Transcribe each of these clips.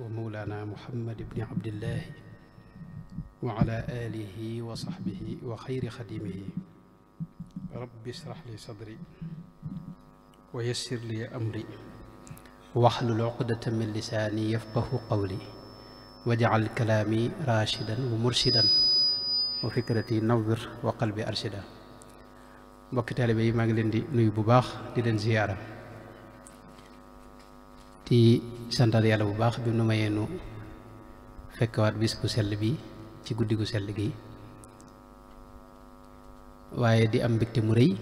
wa mawlaana muhammad ibni abdillahi wa ala alihi wa saxbihi wa xayri xadimihi rabbi israx li sadri wa yassir li amri waxlul uqdata min lisaani yafqahu qawli wajcal kalaami raashidan wa murshidan wa fikrati nawwir wa qalbi arshida mbokki taalibe yi maa ngi leen di nuyu bu baax di leen ziyaara ci santal bu baax bi nu mayee nu fekkawaat bis sell bi ci guddigu sell gi waaye di am mbégte mu rëy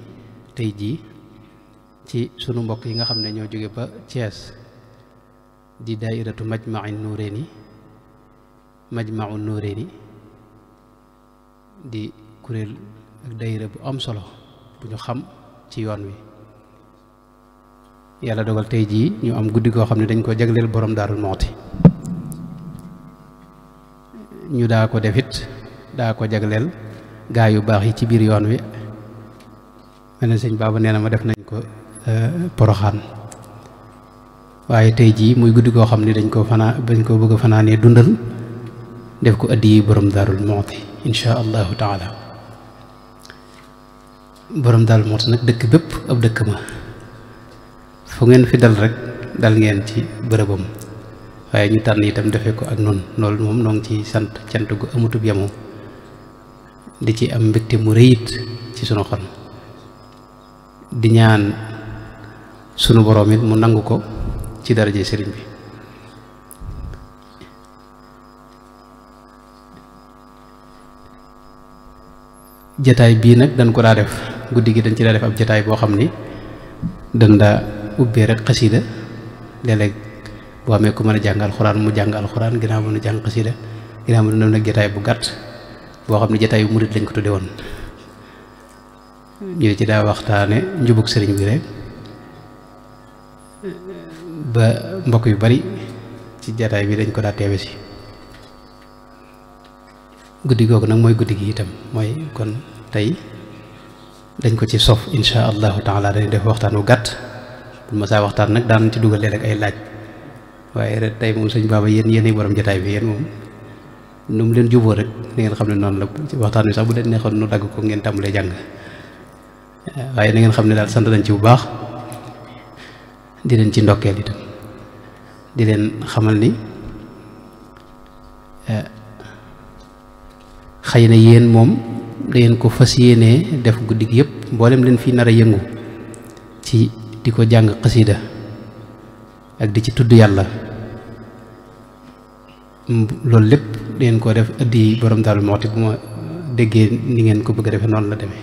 tey jii ci sunu mbokk yi nga xam ne ñoo jóge ba cees di maj daairatu majma'i nuuréeni majma'u nuuréeni di kuréel ak daaira bu am solo bu ñu xam ci yoon wi yàlla dogal tey jii ñu am guddi goo xam ne dañ ko jagleel borom daarul moxti ñu daa ko def it daa ko jagleel gaa yu baax yi ci biir yoon wi mel na sëñ baaba nee na ma def nañ ko euh, poroxaan waaye tey jii muy guddi koo xam ne dañ koo fanaa dañ ko bëgg fanaanee dundal def ko addi yi borom daarul moxti insha allahu taala borom daarul moxti nag dëkk bépp ab dëkk ma fu ngeen fi dal rek dal ngeen ci bërëbam waaye ñu tànn itam defee ko ak noonu loolu moom noo ngi ciy sant cant gu amutub yamu di ci am mbégte mu rëyit ci sunu xol di ñaan sunu boroom mu nangu ko ci daraje sëriñ bi jataay bii nag dañ ko daa def guddi gi dañ ci daa def ab jataay boo xam ni dañ daa ubbee rek xasida léeg boo amee ku mën a jàng alxuraan mu jàng alxuraan ginnaaw mën a jàng xasida ginnaaw mën a dem nag jataay bu gàtt boo xam ne jataay bu murit lañ woon hmm. ci daa waxtaane njubug sëriñ bi rek ba mbokk yu bari ci jataay bi dañ ko daa teewe si guddi googu nag mooy guddi gi itam mooy kon tey dañ ko ci sof insha allahu taala dañ def waxtaan wu gàtt bu ma saa waxtaan nag daan ci dugalee rek ay laaj waaye rek tey moom sëñ Baba yéen yéenay borom jotaay bi yéen moom nu mu leen juboo rek ni ngeen xam ne noonu la waxtaan wi sax bu leen neexoon nu dagg ko ngeen tàmbalee na ngeen xam ne daal sant nañ ci bu baax di leen ci ndokkeel itam leen xamal ni eh, xëy na yéen moom da ko fas yéenee def guddi gi yëpp mboolem leen fi nar a yëngu ci. di ko jàng xasida ak di ci tudd yàlla loolu lépp dangeen koo def addi borom daal moxti bu ma déggee ni ngeen ko bëgg a defee noonu la demee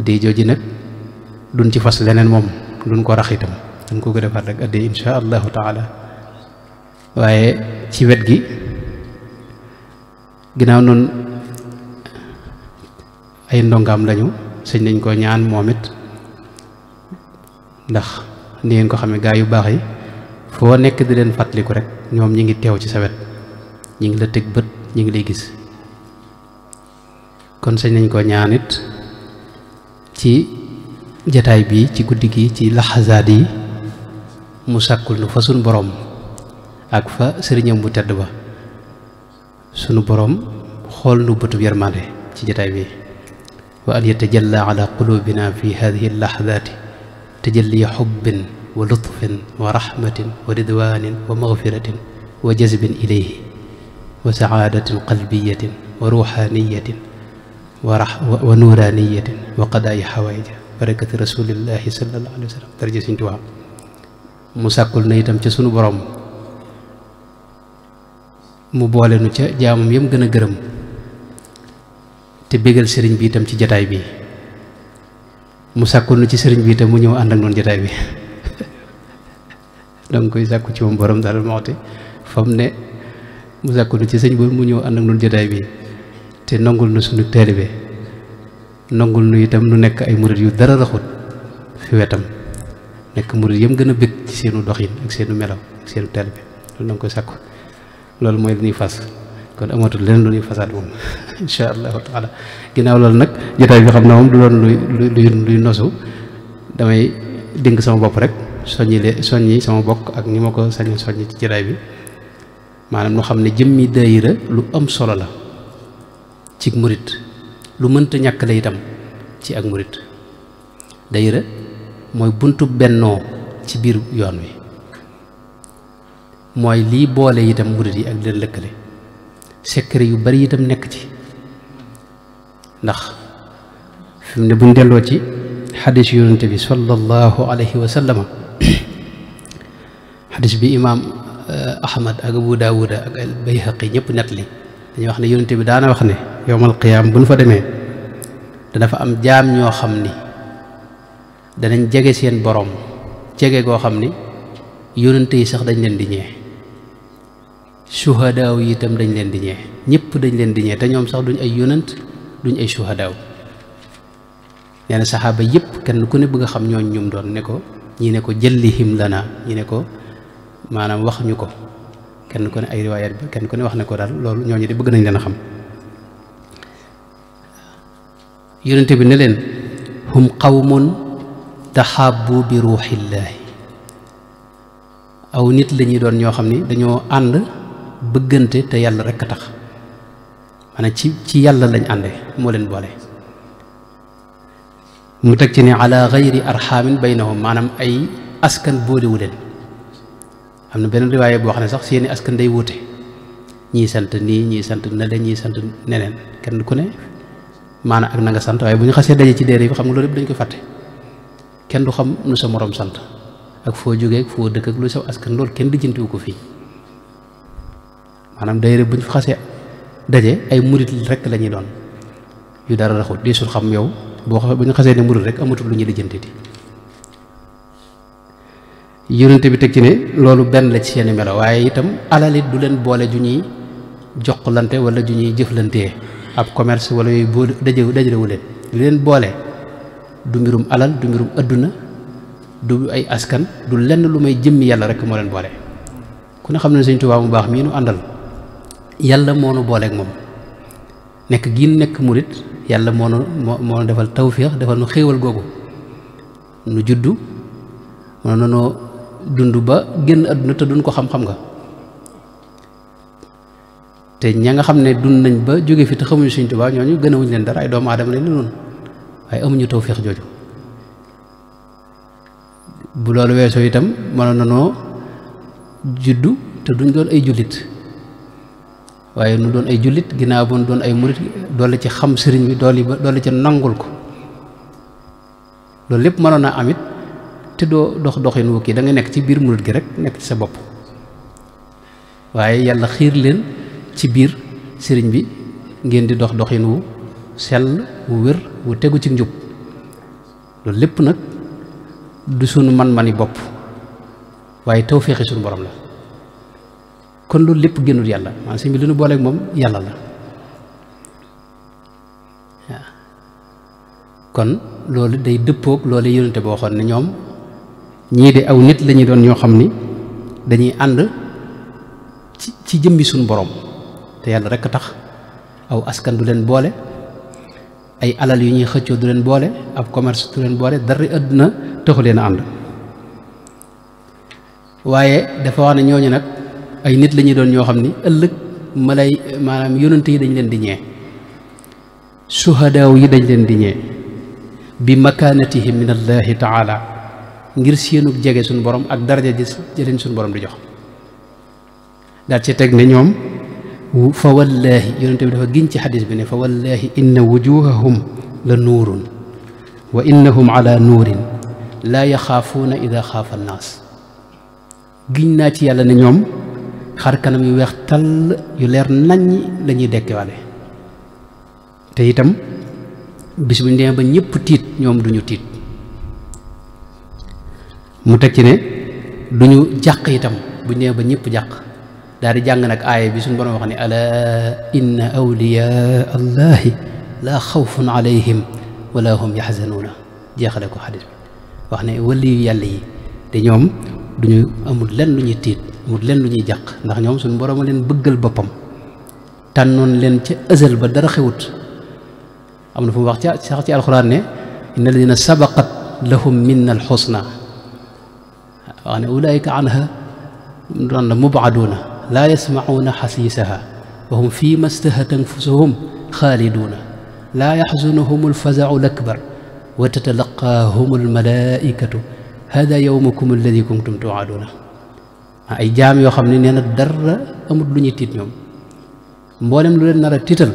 addi jooju nag duñ ci fas leneen moom duñ ko rax itam duñ ko ko defaat rek addi insha waaye ci wet gi ginnaaw noonu ay ndongaam lañu sëñ nañ ko ñaan moom ndax ni ngeen ko xamee gaa yu baax yi foo nekk di leen fàttaliku rek ñoom ñi ngi teew ci sawet wet ñi ngi la teg bët ñi ngi lay gis kon sañ nañ ko ñaanit ci jataay bi ci guddi gi ci laxasaat yi mu sàkkul nu fa sunu boroom ak fa sëriñam bu tedd ba sunu boroom xool nu bëtub yermande ci jataay bi wa an yatajalla ala qulubina fi hadihi laxasaati tajalli xubbin wa lutfin wa raxmatin wa ridwanin wa magfiratin wa jazbin ilayhi wa sacaadatin qalbiyatin wa ruxaaniyatin wa wa nuuraaniyatin wa qadaayi xawaaija barakati rasulillahi sallallahu alayhi wa sallam daraja Sëñ Tuubaa mu sàkkul na itam ca sunu borom mu boole nu ca jaamam yam gën a gërëm te bégal sëriñ bi itam ci jataay bi mu sàkku na ci sëriñ bi tam mu ñëw ànd ak noonu jotaay bi danga koy sàkku ci moom borom daal moxti fam ne mu sàkku nu ci sëñ bi mu ñëw ànd ak noonu jotaay bi te nangul nu suñu taalibe nangul nu itam nu nekk ay murit yu dara raxut fi wetam nekk murit yam gën a bëgg ci seenu doxin ak seenu melaw ak seenu taalibe loolu danga koy sàkku loolu mooy li ñuy fas kon amatul leneen lu ñuy fasaat moom incha allahu taala ginnaaw loolu nag jotaay bi xam naa moom du doon luy luy luy nosu damay dénk sama bopp rek soññi le soññi sama bokk ak ñi ma ko sañ soññi ci jotaay bi maanaam nu xam ne jëmmi daayira lu am solo la ci murit lu mënta ñàkk la itam ci ak murit daayira mooy buntu bennoo ci biir yoon wi mooy lii boole itam murit yi ak leen lëkkale secret yu bari itam nekk ci ndax fi mu ne buñ delloo ci xadis yonent bi sallallahu alayhi wa sallama xadis bi imaam eh, ahmad ak abu daawuda ak al bayhaqi ñëpp nett li dañuy wax ne yonent bi daana wax ne yowmal qiyaam bu ñu fa demee dana fa am jaam ñoo xam ni danañ jege seen boroom jege goo xam ni yonent yi sax dañ leen di ñee shuhadaaw yi itam dañ leen di ñee ñëpp dañ leen di ñee te ñoom sax duñu ay yonant duñ ay shuhadaaw nee na saxaaba yëpp kenn ku ne bëgg a xam ñooñ ñum doon ne ko ñi ne ko la naa ñi ne ko maanaam wax ñu ko kenn ku ne ay riwaayaat bi kenn ku ne wax ne ko daal loolu ñooñu de bëgg nañ leen a xam yonante bi ne leen hum qawmun taxaabu bi ruuxillaahi aw nit la doon ñoo xam ne dañoo ànd bëggante te yàlla rekk a tax maanaam ci ci yàlla lañ ànde moo leen boole mu teg ci ne ala gayri arxaamin baynahum maanaam ay askan boolewu leen am na benn riwaaye boo xam ne sax seeni askan day wuute ñii sant nii ñii sant nale ñii sant neneen kenn ku ne maanaam ak na nga sant waaye bu ñu xasee daje ci déer yi xam nga loolu yëpp dañ ko fàtte kenn du xam nu sa moroom sant ak foo jógee foo dëkk ak lu sa askan loolu kenn lijjantiwu ko fii maanaam daayira bu ñu fa xasee daje ay murit rek la ñuy doon yu dara raxut diisul xam yow boo xam bu ñu xasee ne murit rek amatul lu ñuy lijjantiti yonente bi teg ci ne loolu benn la ci seen melo waaye itam alalit du leen boole ju ñuy joxlante wala ju ñuy jëflantee ab commerce wala yooyu boo dajalewu leen li leen boole du mbirum alal du mbirum adduna du ay askan du lenn lu may jëmmi yàlla rek moo leen boole ku ne xam ne Sëñ Tuubaa mu baax mii nu àndal yàlla moo nu booleeg moom nekk gi nekk murit yàlla moo nu moo nu defal tawféex defal nu xéewal googu nu juddu mën nanoo dund ba génn àdduna te duñ ko xam-xam nga te ña nga xam ne dund nañ ba jóge fi te xamuñu Sëñ Tuubaa ñoo ñu a leen dara ay doomu aadama lañ la waaye amuñu tawféex jooju bu loolu weesoo itam mën nanoo juddu te duñ doon ay jullit waaye nu doon ay jullit ginnaaw bu nu doon ay murit doole ci xam sëriñ bi doole ba doole ci nangul ko loolu lépp mënoon naa am te doo dox doxin wu kii da nga nekk ci biir murit gi rek nekk ci sa bopp waaye yàlla xiir leen ci biir sëriñ bi ngeen di dox doxin wu sell wu wér wu tegu ci njub loolu lépp nag du sunu man-mani bopp waaye tawféexi sunu borom la kon loolu lépp génnul yàlla maanaam sëñ bi lu ñu booleeg moom yàlla la waaw kon loolu day dëppoog loolu yonente boo waxoon ne ñoom ñii de aw nit lañuy doon ñoo xam ni dañuy ànd ci ci jëmmi suñu boroom te yàlla rekk tax aw askan du leen boole ay alal yu ñuy xëccoo du leen boole ab commerce du leen boole dara àdduna taxu leen a ànd waaye dafa wax ne ñooñu nag ay nit la ñuy doon ñoo xam ne ëllëg malay maanaam yonent yi dañ leen di ñee suhadaaw yi dañ leen di ñee bi makaanatihim min allahi taala ngir séenug jege suñu borom ak daraja ji jëleen suñu borom di jox daal ci teg ne ñoom fa wallaahi yonent bi dafa giñ ci xadis bi ne fa wallaahi inna wujuhahum la nuurun wa innahum ala nuurin laa yaxaafuuna ida xaafa annaas giñ naa ci yàlla ne ñoom xar kanam yu weex tàll yu leer naññ lañuy ñuy te itam bis bu ñu demee ba ñëpp tiit ñoom duñu tiit mu teg ci ne duñu jàq itam bu ñu demee ba ñëpp jàq daal di jàng nag aaya bi suñu borom wax ne ala inna awliya allahi laa xawfun alayhim wala hum yaxzanuuna jeexale ko xadis bi wax ne waliyu yàlla yi te ñoom duñu amul lenn lu tiit mu leen lu ñuy jàq ndax ñoom suñu borom a leen bëggal boppam noon leen ca ësal ba dara xewut am na fu mu wax ca sax ci alxuraan ne inna alladina sabaqat lahum minna alxusna wax ne ulaayika anha doon la mubaaduuna laa yasmacuuna xasiisaha wa hum fii ma stahat anfusuhum xaaliduuna laa yaxzunuhum alfazacu lakbar wa tatalaqaahum almalaaikatu hada yowmukum alladi kuntum tuuaduuna ay jaam yoo xam ne nee na dara amut lu ñuy tiit ñoom mboolem lu leen nar a tiital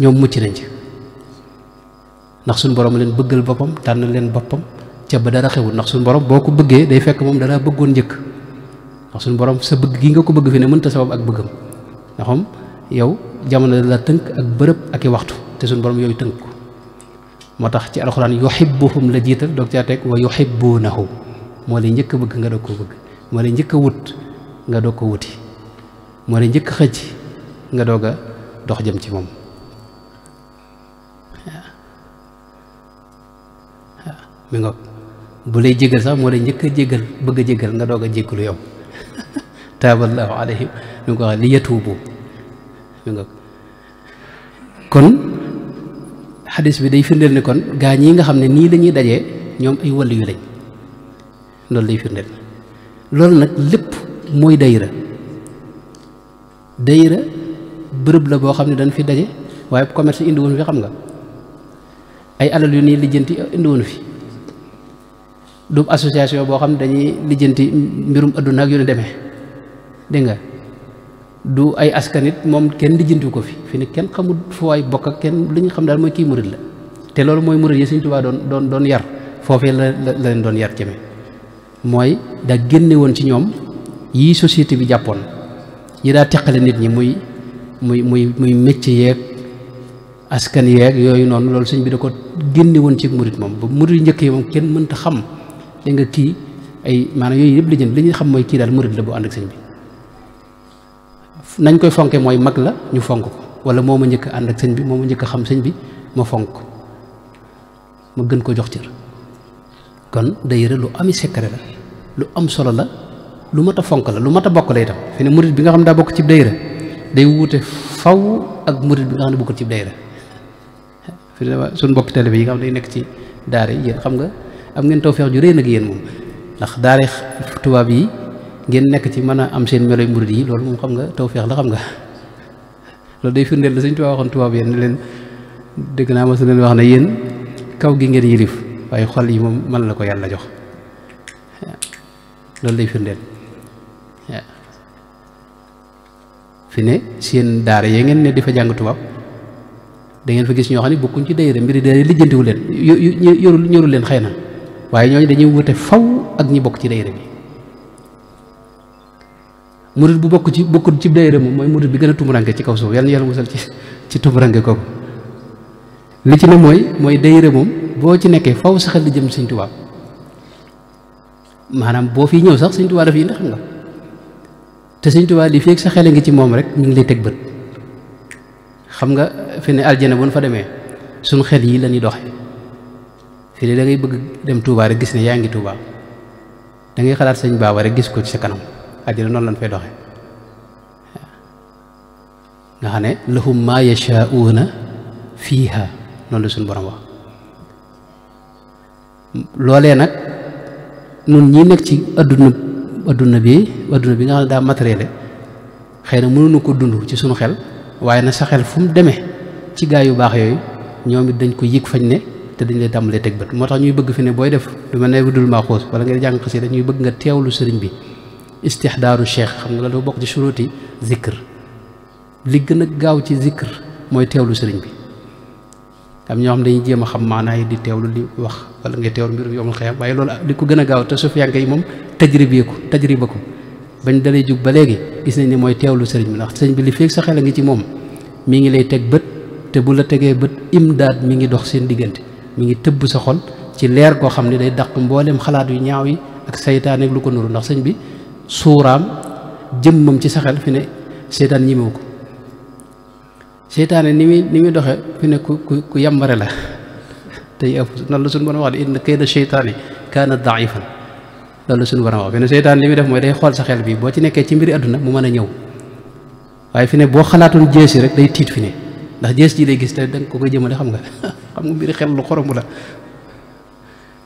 ñoom mucc nañ ci ndax suñu borom leen bëggal boppam tànn leen boppam ca ba dara xewul ndax suñu borom boo ko bëggee day fekk moom dara bëggoon njëkk ndax suñu borom sa bëgg gi nga ko bëgg fi ne mënta sabab ak bëggam ndax moom yow jamono la tënk ak bërëb ak i waxtu te suñu borom yooyu tënk ko moo tax ci alxuraan yuhibbuhum la jiital doog caa teg wa yuhibbuunahu moo lay njëkk bëgg nga doog koo moo lay njëkk a wut nga doog ko wuti moo lay njëkk a xëcc nga doog a dox jëm ci moom waaw mi ngoog bu lay jégal sax moo lay njëkk a jégal bëgg a jégal nga doog a jégalu yow taaballahu alayhim mi ngi ko wax kon xadis bi day firndeel ni kon gaa ñi nga xam ne nii la daje ñoom ay wàllu yu lañ loolu lay firndeel loolu nag lépp mooy dayra dayra bërëb la boo xam ne dañ fi daje waaye commerce indi woon fi xam nga ay alal yu nii lijjanti indi woon fi du association boo xam ne dañuy lijjanti mbirum adduna ak yu ne demee dégg nga du ay askanit moom kenn lijjanti ko fi fi ne kenn xamul fu ay bokk ak kenn li xam daal mooy kii murit la te loolu mooy murit yi Sëñ Tuubaa doon doon doon yar foofee la la leen doon yar jëmee mooy da génne woon ci ñoom yii société bi jàppoon yi daa teqale nit ñi muy muy muy muy métier yeeg askan yeeg yooyu noonu loolu sëñ bi da ko génne woon ci murit moom ba murit yu njëkk yi moom kenn mënta xam li nga kii ay maanaam yooyu yëpp la jënd li ñuy xam mooy kii daal murit la bu ànd ak sëñ bi nañ koy fonke mooy mag la ñu fonk ko wala moo ma njëkk ànd ak sëñ bi moo ma njëkk xam sëñ bi ma fonk ma gën ko jox cër kon daayira lu ami secret la lu am solo la lu mat a fonk la lu mat a bokk la tam fi ne murit bi nga xam ne daa bokk ci daayira day wuute faw ak murit bi nga xam ne bokkul ci daayira fi ne suñu mbokki télé bi yi nga xam ne day nekk ci daara yi yéen xam nga am ngeen tawfeex ju rëy nag yéen moom ndax daara tubaab yi ngeen nekk ci mën a am seen meloy murit yi loolu moom xam nga tawfeex la xam nga loolu day firndeel la Sëñ Tuubaa tubaab yéen leen dégg naa ma su wax ne yéen kaw gi ngeen yilif ay xol yi moom mën la ko yàlla jox loolu lay firndeel fi ne seen daara yee ngeen ne di fa jàng tubaab da fa gis ñoo xam ne bokkuñ ci daayira mbiri daayira lijjantiwu leen yorul ñorul leen xëy na waaye ñooñu dañuy wute faw ak ñi bokk ci daayira bi murit bu bokk ci bokkul ci daayira moom mooy murit bi gën a tumuranke ci kaw suuf yàlla na yàlla musal ci ci tumuranke li ci ne mooy mooy dayre moom boo ci nekkee faw sa xel di jëm Sëñ Tuubaa maanaam boo fi ñëw sax Sëñ Tuubaa daf yi ndax xam nga te Sëñ Tuubaa li feeg sa xel a ngi ci moom rek ñu ngi lay teg bët xam nga fi ne aljana bu ñu fa demee suñ xel yi lañuy ñuy doxe fi ne da bëgg dem Touba rek gis ne yaa ngi Touba da xalaat sañ Baaba rek gis ko ci sa kanam aljana noonu lañ fay doxe nga xam ne lahum maa yashaa'uuna fiihaa noonu la suñu borom wax loolee nag nun ñi nekk ci adduna adduna bi adduna bi nga xam ne daa matériel xëy na mënuñu ko dund ci suñu xel waaye na sa xel fu mu demee ci gaa yu baax yooyu ñoom it dañ ko yëg fañ ne te dañ lay tàmbalee teg bët moo tax ñuy bëgg fi ne booy def du mel ne wuddul maa xoos wala ngay jàng xasida dañuy bëgg nga teewlu sëriñ bi istixdaaru cheikh xam nga la dafa bokk ci surooti zikr li gën a gaaw ci zikr mooy teewlu sëriñ bi am ñoo xam dañuy jéem a xam maanaa yi di teewlu li wax wala ngay teewlu mbir yomul xëyam waaye loolu li ko gën a gaaw te sufiyanke yi moom tajribe ko tajriba ko bañ dalee jug ba léegi gis nañ ne mooy teewlu sëriñ bi ndax sëriñ bi li feeg sa xel a ngi ci moom mi ngi lay teg bët te bu la tegee bët imdaad mi ngi dox seen diggante mi ngi tëb sa xol ci leer koo xam ne day dàq mbooleem xalaat yu ñaaw yi ak saytaan lu ko nuru ndax sëñ bi suuraam jëmmam ci sa xel fi ne ko seytaane ni muy ni muy doxe fi ne ku ku ku la tey ëpp noonu la suñu mën a wax de inna kayda seytaani kaana daifan loolu la suñu mën a wax fi ne seytaane li muy def mooy day xool sa xel bi boo ci nekkee ci mbiri àdduna mu mën a ñëw waaye fi ne boo xalaatoon jeesi rek day tiit fi ne ndax jees ji lay gis te da nga ko jëmale xam nga xam nga mbiri xel lu xorom la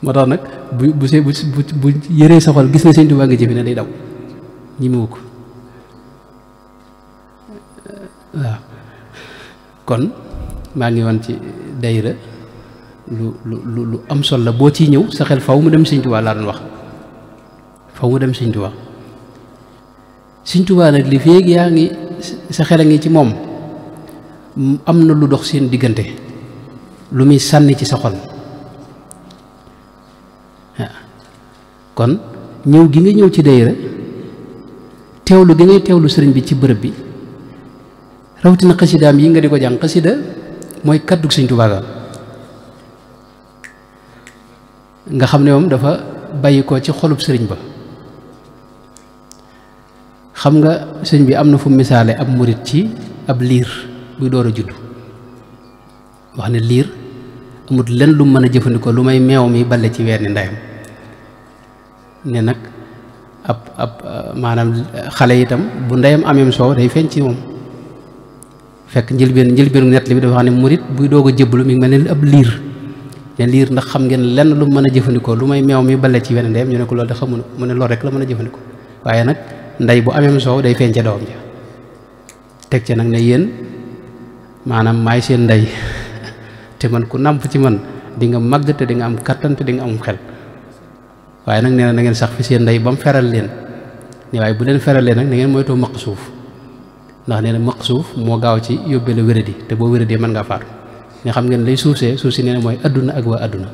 moo tax nag bu bu see bu bu yëree sa xol gis na ne day daw ñi kon maa ngi woon ci dayra lu lu lu am solo la boo ciy ñëw sa xel faw mu dem Sëñ Tuubaa laa doon wax faw mu dem Sëñ Tuubaa Sëñ Tuubaa nag li feeg yaa ngi sa xel a ngi ci moom am na lu dox seen diggante lu muy sànni ci sa xol kon ñëw gi nga ñëw ci dayra teewlu gi ngay teewlu sëriñ bi ci bërëb bi rawatina xasidaam yi nga di ko jàng xasida mooy kaddu sëñ Tuubaa nga xam ne moom dafa bàyyi ko ci xolub sëriñ ba xam nga sëñ bi am na fu misaale ab murit ci ab liir buy door a judd wax ne liir amut lenn lu mën a jëfandikoo lu may meew mi bale ci weeni ndeyam ne nag ab ab maanaam xale itam bu ndeyam ameem soow day feeñ ci moom fekk njëlbeen njëlbeenu nett li bi dafa xam ne murit buy doog a jébbalu mi ngi mel ne ab liir ne liir ndax xam ngeen lenn lu mën a jëfandikoo lu may meew mi bale ci wenn ndeyam ñu ne ko loolu de xamuñu mu ne loolu rek la mën a jëfandikoo waaye nag ndey bu ameem soow day feeñ ca doom ja nag ne yéen maanaam maay seen ndey te man ku nàmp ci man di nga màgg di nga am kattan te di am xel waaye nag nee na ngeen sax fi seen ndey ba mu feral leen ne waaye bu leen feralee nag na ngeen moytoo maq suuf ndax nee na suuf moo gaaw ci yóbbee la wéradi te boo wéradee mën ngaa faatu nga xam ngeen lay suuf see suuf si nee mooy adduna ak waa adduna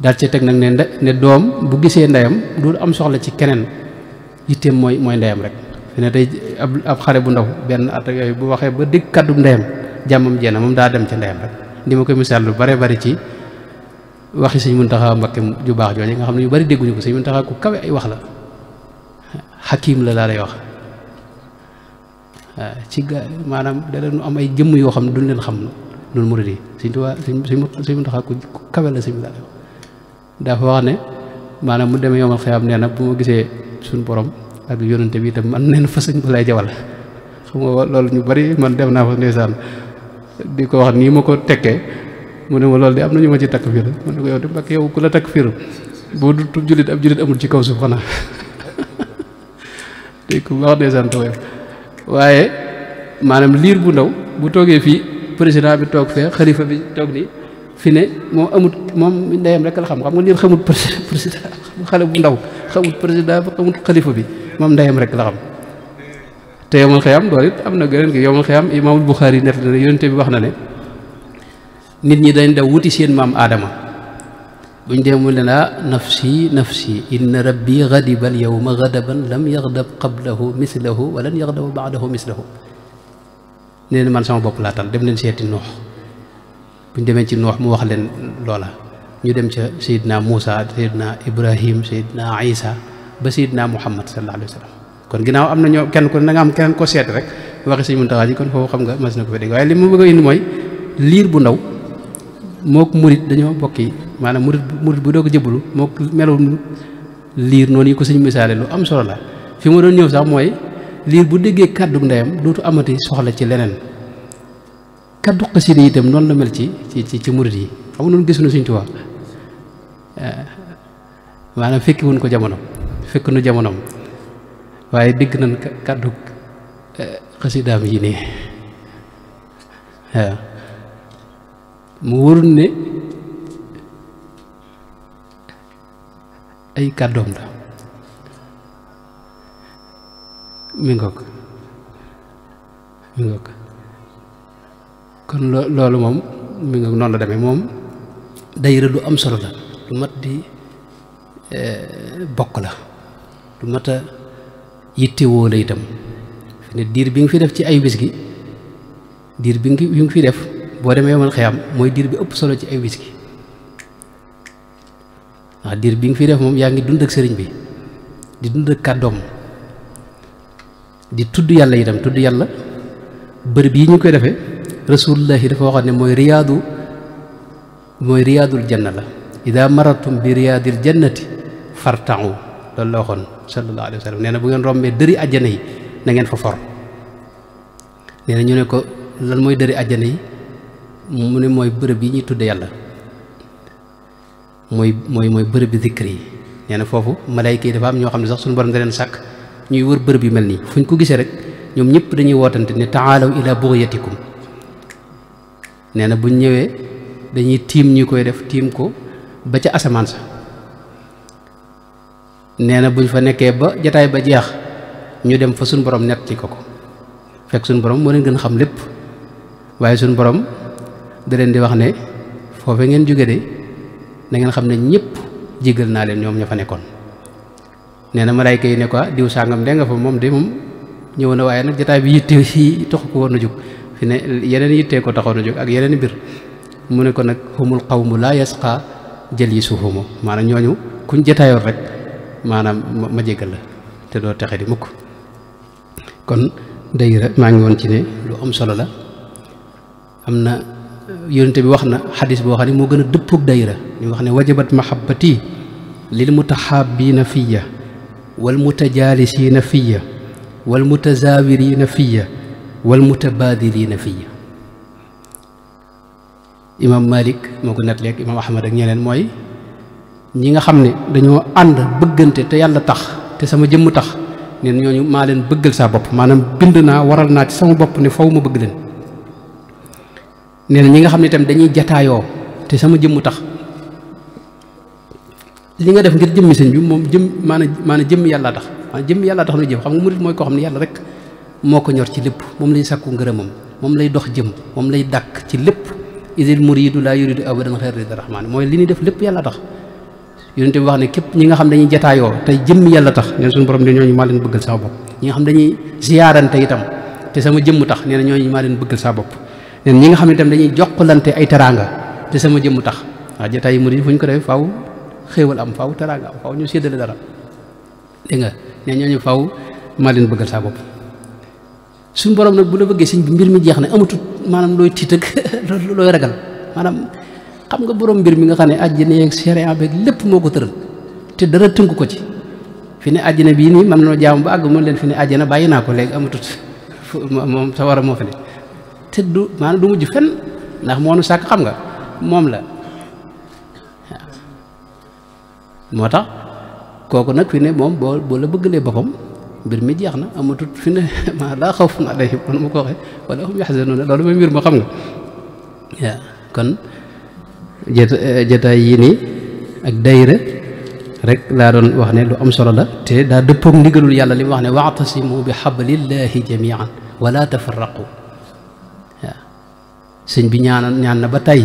daal ci teg nag ne ne doom bu gisee ndeyam du am soxla ci keneen yitteem mooy mooy ndeyam rek fi ne tey ab ab xare bu ndaw benn at yooyu bu waxee ba dégg kàddu ndeyam jàmmam jeena moom daa dem ca ndeyam rek di ma koy misaal lu bare bari ci waxi sëñ Muntaxa Mbakke ju baax jooje nga xam ne ñu bari dégguñu ko sëñ Muntaxa ku kawe ay wax la xakiim la laa lay wax waaw ci ga maanaam da leen am ay jëmm yoo xam ne duñ leen xam loolu murid yi Sëñ Tuubaa Sëñ Muntaxaa ku kawe la sëñ wax ne maanaam mu demee yomal xiyaam nee na bu ma gisee suñ borom ak yonante bi itam man neen fa sëñ ba lay jawal su nga loolu ñu bari man dem naa fa ndeysaan di ko wax nii ma ko tekkee mu ne ma loolu de am nañu ma ci takk fiir mu ne ko yow de mbak yow ku la takk fiir boo du jullit am jullit amul ci kaw suuf xanaa tey ku wax waaye maanaam liir bu ndaw bu toogee fii président bi toog fee bi toog nii fi ne moom amut moom ndeyam rek la xam xam nga xamut président xale bu ndaw xamut président bi xamut bi moom ndeyam rek la te yomal xiyam loolu it am na gërëm gi yomal xiyam imaamul Buxaari net na ne yonente bi wax na ne nit ñi dañ daw wuti seen maam Aadama bu buñ dee mu leen ah nafsi nafsi inna rabbi gadiba al yawma gadaban lam yagdab qablahu mislahu walan yagdaba baadahu mislahu nee na man sama bopp laa dem leen seeti nuux demee ci nuux mu wax leen loola ñu dem ca sayidna Muusa sayidna Ibrahim sayidna Isa ba sayidna Muhammad sallallahu alayhi wa sallam kon ginnaaw am na ñoo kenn ku ne am kenn ko seet rek waxi Sëñ Muntaxa ji kon foofu xam nga mas na ko fa waaye li mu bëgg indi mooy liir bu ndaw mook murit dañoo bokki maanaam murit murit bu doog a jëbbalu moo melu liir noonu yi ko suñu misaale lu am solo la fi ma doon ñëw sax mooy liir bu déggee kàddu ndeyam dootu amati soxla ci leneen kàddu xasida yi itam noonu la mel ci ci ci murit yi xam noonu gis na suñ Tuubaa eh, maanaam fekki ko jamono fekk nu jamonoom waaye dégg nañ kàddu eh, nii eh, mu wóorul ne ay kàddoom la mi ngoog mi ngoog kon loolu moom mi ngoog noonu la demee moom dayira lu am solo la lu mat di eh, bokk la lu mat a la itam fi ne diir bi nga fi def ci ay bis gi diir bi nga fi def boo demee man xëyam mooy diir bi ëpp solo ci ay bis gi waaw diir bi nga fi def moom yaa ngi dund ak sëriñ bi di dund ak kàddoom di tudd yàlla dem tudd yàlla bërëb yi ñu koy defee rasulullah dafa waxoon ne mooy riyaadu mooy riyaadul janna la ida maratum bi riyaadil jannati farta'u loolu la waxoon sallallahu alayhi wa na bu ngeen rombee dëri àjjana yi na ngeen fa for nee ñu ne ko lan mooy dëri àjjana yi mu ne mooy bërëb yi ñuy tudde yàlla mooy mooy mooy bërëb bi zikr yi nee na foofu malayka yi dafa am ñoo xam ne sax suñu borom da leen sàkk ñuy wër bërëb yu mel nii fuñ ko gisee rek ñoom ñëpp dañuy wootante ne taalaw ila bughiyatikum nee na buñ ñëwee dañuy tiim ñi koy def tiim ko ba ca asamaan nee na buñ fa nekkee ba jataay ba jeex ñu dem fa suñ borom nett ko ko fekk suñ borom moo leen gën xam lépp waaye suñ boroom da di wax ne foofe ngeen jóge de na xam ne ñëpp jéggal naa leen ñoom ña fa nekkoon nee na malaayka yi ne ko ah, diw sàngam de nga fa moom de moom ñëw na waaye nag jotaay bi yitte yi taxu ko woon a jóg fi ne yeneen yittee ko taxoon a jóg ak yeneen mbir mu ne ko nag humul qawmu laa yasqa jalisuhum maanaam ñooñu kuñ jotaayoon rek maanaam ma jéggal la te doo texe di mukk kon dayira maa ngi woon ci ne lu am solo la am na yoonte bi wax na xadis boo xam ne moo gën a dëppoog dayra ñu wax ne wajabat mahabbati lil mutahabbiina fiya wal mutajaalisiina fiya wal mutazaawiriina fiya wal mutabaadiliina fiya imaam Malik moo ko nettali ak imaam Ahmad ak ñeneen mooy ñi nga xam ne dañoo ànd bëggante te yàlla tax te sama jëmm tax ne ñooñu maa leen bëggal saa bopp maanaam bind naa waral naa ci sama bopp ne faw ma bëgg leen nee na ñi nga xam ne tam dañuy jataayoo te sama jëmmu tax li nga def ngir jëmmi sëñ bi moom jëm maanaam maanaam jëmm yàlla tax maanaam jëmm yàlla tax lu jëf xam nga murit mooy koo xam ne yàlla rek moo ko ñor ci lépp moom lay sàkku ngërëmam moom lay dox jëm moom lay dàkk ci lépp idil muridu laa yuridu abadan xeer rida rahmaan mooy li ñuy def lépp yàlla tax yonent bi wax ne képp ñi nga xam dañuy jataayoo tey jëmm yàlla tax na suñu borom ne ñooñu maa leen bëggal saa bopp ñi nga xam dañuy ziyaarante itam te sama jëmm tax nee na ñooñu maa leen bëggal saa bopp ñun ñi nga xam ne tam dañuy jokkalante ay teraanga te sama jëmm tax waaw jotaay yi murid fu ñu ko defee faw xéewal am faw teraanga am faaw ñu séddale dara dégg ne ñooñu faaw maa leen bëggal saa bopp suñu borom nag bu la bëggee sëñ mbir mi jeex na amatut maanaam looy tiit ak looy ragal maanaam xam nga borom mbir mi nga xam ne àjjana yeeg sariya beeg lépp moo ko tëral te dara tënk ko ci fi ne àjjana bii nii man noo jaamu ba àgg mën leen fi ne àjjana bàyyi naa ko léegi amatut moom sa moo te du maanaam du mujj fenn ndax moo nu sàkk xam nga moom la moo tax kooku nag fi ne moom boo boo la bëggalee boppam mbir mi jeex na amatut fi ne ma laa xawfun alayhim wala ma ko waxee wala kon jataay yi nii ak dayra rek laa doon wax ne lu am solo la te daa dëppoog ndigalul yàlla li mu wax ne wa'tasimu bi hablillahi jamian wala tafarraqu sëñ bi ñaanoon ñaan na ba tey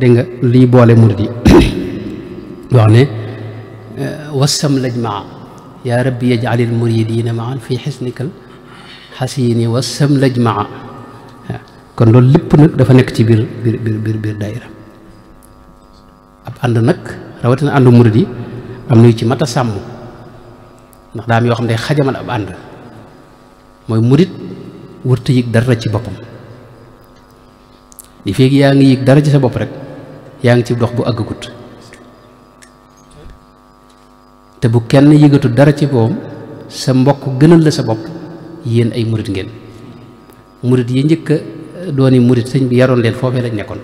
dégg nga lii boole murid yi wax ne eh, wasam laj maa yaa rabbi yajalil muridina maan fii xisnikal xasiini wasam laj maa kon loolu lépp nag dafa nekk ci biir biir biir biir daayira ab ànd nag rawatina àndu murid yi am na yu ci mat a sàmm ndax daa am yoo xam ne xajamal ab ànd mooy murid wërta yëg dara ci boppam di feeg yaa ngi yëg dara ci sa bopp rek yaa ngi ci dox bu àggagut te bu kenn yëgatu dara ci boom sa mbokk gënal la sa bopp yéen ay murit ngeen murit yi njëkk a dooni murit sëñ bi yaroon leen foofee lañ nekkoon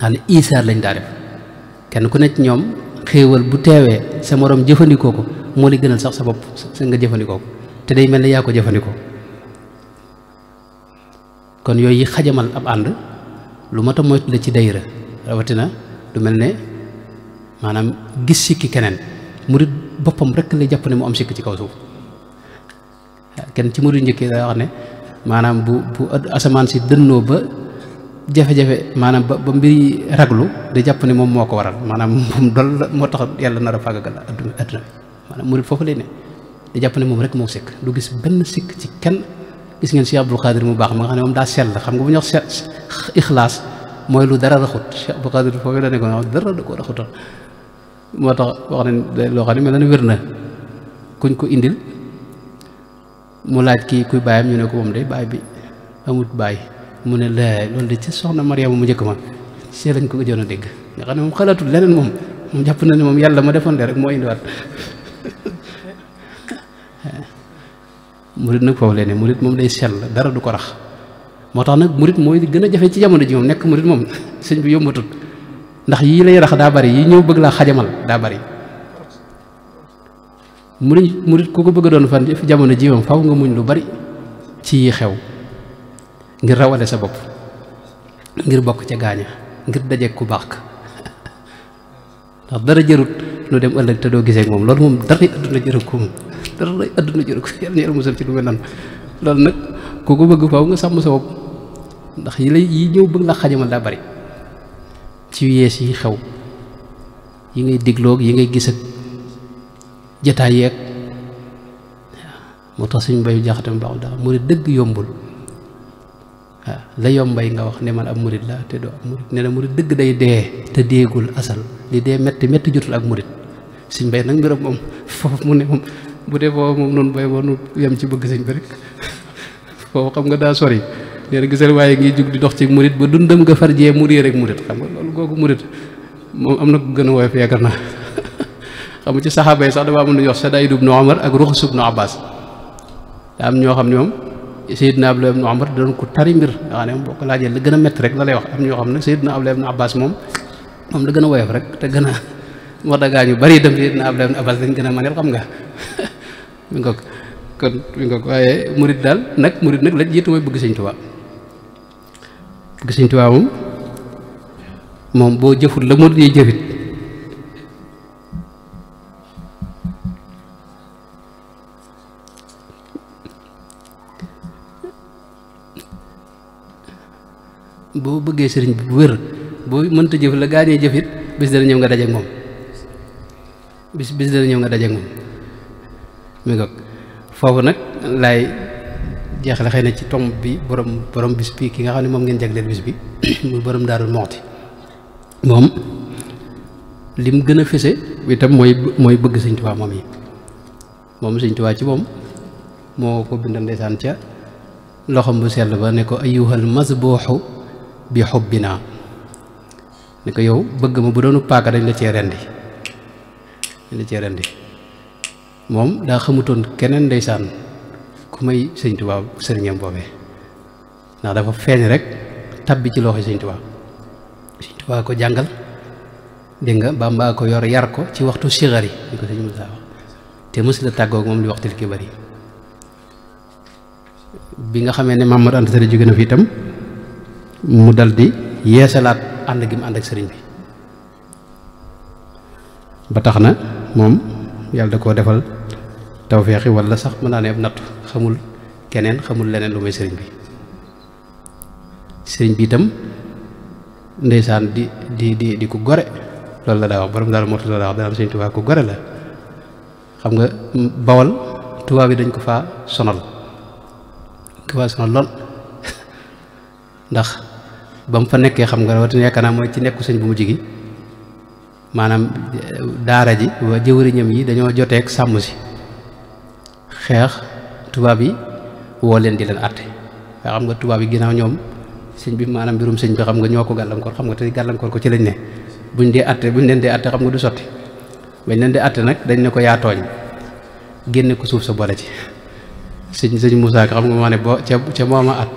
naa ne isaar lañ daa def kenn ku nekk ñoom xéewal bu teewee sa morom jëfandikoo ko moo li gënal sax sa bopp sa nga jëfandikoo ko te day mel ne yaa ko jëfandikoo kon yooyu xajamal ab ànd lu mat a moytu la ci dayra rawatina lu mel ne maanaam gis sikki keneen murid boppam rekk lay jàpp ne mu am sikk ci kaw suuf kenn ci murid njëkk daa wax ne maanaam bu bu asamaan si dënnoo ba jafe-jafe maanaam ba ba mbir raglu da jàpp ne moom moo ko waral maanaam moom dol moo tax yàlla nar a fàggagal adduna adduna maanaam murid foofu lay ne da jàpp ne moom rek moo sikk du gis benn sikk ci kenn gis ngeen Cheikh Abdul Qadir mu baax ma nga xam ne moom daa sell xam nga bu ñu sell ixlaas mooy lu dara raxut Cheikh Abdul Qadir foofu la nekkoon ko raxutoon moo tax wax loo xam ne mel na wér na kuñ ko indil mu laaj kii kuy bàyyam ñu ne ko moom day baay bi amut baay mu ne la loolu de ci soxna Mariama mu njëkk ma see lañ ko gëjoon a dégg nga xam ne moom xalaatul leneen moom moom jàpp na moom yàlla ma defoon de rek moo indiwaat murit nag foofu lee ne murit moom day sell dara du ko rax moo tax nag murit mooy gën a jafe ci jamono ji moom nekk murit moom sëñ bi yombatul ndax yii lay rax daa bari yi ñëw bëgg laa xajamal daa bari murit murit koo ko bëgg a doon fan jamono ji moom faaw nga muñ lu bari ci yi xew ngir rawale sa bopp ngir bokk ca gaaña ngir daje ku baax ndax dara jërut nu dem ëllëg te doo gisee moom loolu moom dara àdduna jërut ko dara lay adduna jëru ko yàlla yàlla musal ci lu nan loolu nag ku ko bëgg faaw nga sàmm sa bopp ndax yi lay yi ñëw bëgg la xajamal daa bari ci yees yi xew yi ngay digloog yi ngay gis ak jataay yeeg moo tax suñ bayu jaxatam baaxul daal mu dëgg yombul waaw la yombay nga wax ne man ab murit la te doo ab murit ne na murit dëgg day dee te deegul asal li dee metti metti jotul ak murit suñ bay nag mbiram moom foofu mu ne moom bu dee booba moom noonu booy boonu yem ci bëgg sëñ bi rek foofu xam nga daa sori nee na gisal waaye ngi jug di dox ci murit ba dundam nga far jee mu rek murit xam nga loolu googu murit moom na ko gën a woyof yaakaar naa xam nga ci saxaaba yi sax dafa am lu ñuy wax Sadaid ibnu Omar ak Ruxus ibnu Abbas daa am ñoo xam ne moom Seydina Abdullah ibnu Omar doon ko tari mbir nga xam ne boo ko laajee lay wax am ñoo xam ne Seydina Abdullah ibnu Abbas moom moom la gën a woyof rek te gën a wax dagaa ñu bari dem Seydina Abdullah ibnu Abbas lañ gën a manel xam nga mi ngoog kon mi ngoog waaye murit daal nag murit nag la jiitu mooy bëgg sëñ Tuubaa bëgg sëñ Tuubaa moom moom boo jëfut la murit yi jëfit boo bëggee sëriñ bi wér boo mënta jëf la gaañee jëfit bis dana ñëw nga daje moom bis bis dana ñëw nga daje moom mi ngoog foofu nag laay jeexale xëy na ci tomb bi borom borom bis bi ki nga xam ne moom ngeen jagleel bis bi muy borom daarul moxti moom lim gën a fese itam mooy bëgg sëñ Tuubaa moom yi moom sëñ Tuubaa ci moom moo ko bindal ndeysaan ca loxom bu sell ba ne ko ayyuhal masbuuxu bi xubbinaa ne ko yow bëgg ma bu doonu paaka dañ la cee rendi dañ la cee rendi moom daa xamutoon keneen ndeysaan ku may sëñ Tuubaa sëriñam boobee ndax dafa feeñ rek tabbi ci loxo sëñ Tuubaa sëñ Tuubaa ko jàngal dégg nga Bàmbaa ko yor yar ko ci waxtu sigari di ko sëñ Moussa wax te mës la tàggoog moom li waxtu ki bari bi nga xamee ne Mamadou Anta Sali jóge na fi itam mu daldi di yeesalaat ànd gi mu ànd ak sëriñ bi ba tax na moom yàlla da koo defal tawféexi wala sax mën naa ne ab nattu xamul keneen xamul leneen lu may sëriñ bi sëriñ bi itam ndeysaan di di di di ko gore loolu la daa wax borom daal mortu la daa wax daan sëriñ Tuubaa ko gore la xam nga bawal tubaab yi dañ ko fa sonal dañ ko faa sonal lool ndax ba mu fa nekkee xam nga rawatina yaakaar naa mooy ci nekku sëñ bu mu jigi maanaam daara ji waa jëwriñam yi dañoo joteek sàmm si xeex tubaab yi woo leen di leen atte nga xam nga tubaab yi ginnaaw ñoom sëñ bi maanaam mbirum sëñ bi xam nga ñoo ko gàllankoor xam nga te gàllankoor ko ci lañ ne buñ dee atte buñ leen dee atte xam nga du sotti bañ leen di atte nag dañ ne ko yaa tooñ génne ko suuf sa boole ci sëñ sëñ Moussa xam nga maa ne boo ca ca mooma at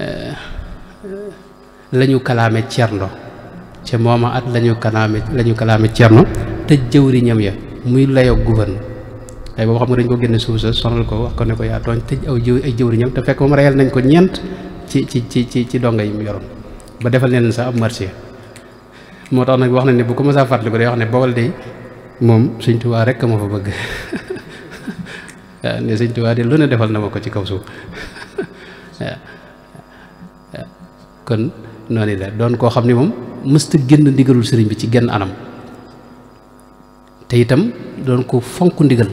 eh, la ñu kalaame cerndo ca mooma at la ñu kalaame la ñu kalaame Cerno tëj jëwriñam ya muy layoog gouverneur tey boobu xam nga dañ ko génne suuf sa sonal ko wax ko ne ko yaa tooñ tëj aw jëw ay jëwriñam fekk moom reyal nañ ko ci ci ci ci ci donga yi mu yoroon ba defal leen sax ab moo tax nag wax na ne bu ko mësaa fàttali ko day wax ne Bawol de moom Sëñ Tuubaa rek ma fa bëgg waaw ne de lu ne na ma ko ci kaw suuf doon koo xam ni moom mësta génn ndigalul sëriñ bi ci genn anam te itam doon ko fonk ndigal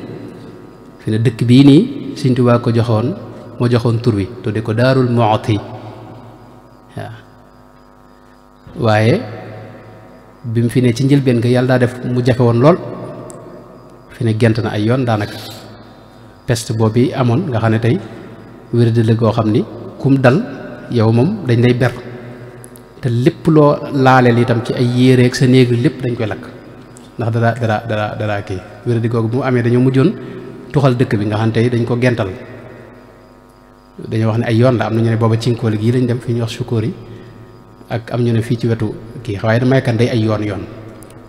fi ne dëkk bii nii Sëriñ Tuubaa ko joxewoon moo joxoon tur wi tudde ko Daarul Muxti waaw waaye bi mu fi ne ci njëlbeen nga yàlla daa def mu jafewoon lool fi ne gent na ay yoon daanaka peste boobu amoon nga xam ne tey wér-di-la goo xam ni kum dal yow moom dañ lay ber te lépp loo laaleel itam ci ay yéereeg sa néeg lépp dañ koy lakk ndax dara dara dara kii wér di googu mu amee dañoo mujjoon tuxal dëkk bi nga xam tey dañ ko gental dañoo wax ne ay yoon la am na ñu ne booba cinkooli gii lañ dem fi ñuy wax sukóor yi ak am ñu ne fii ci wetu kii waaye damay kan day ay yoon yoon